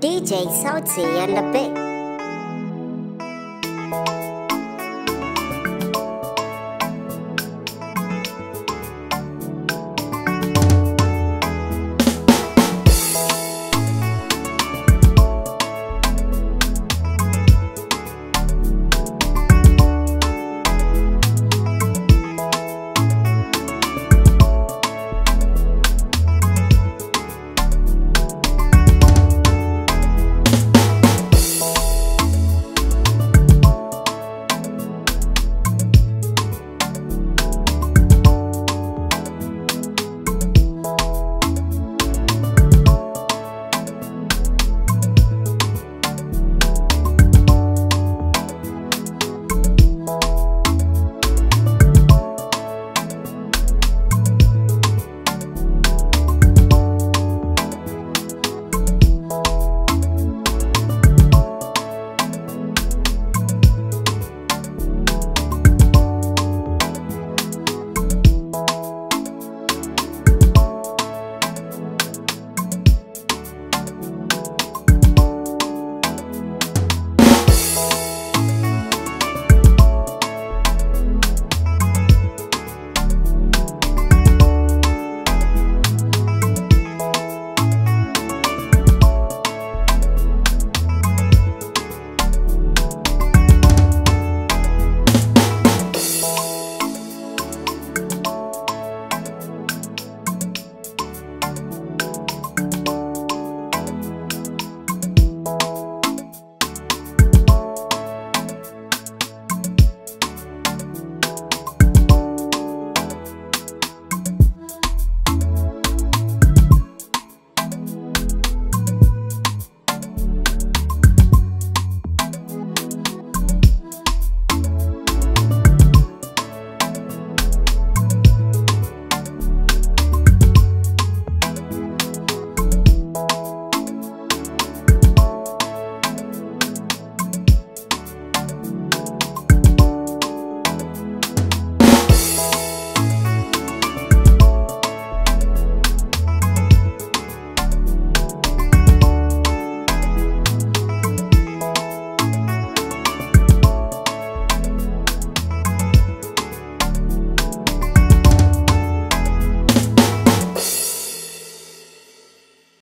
DJ Sea and the Beat.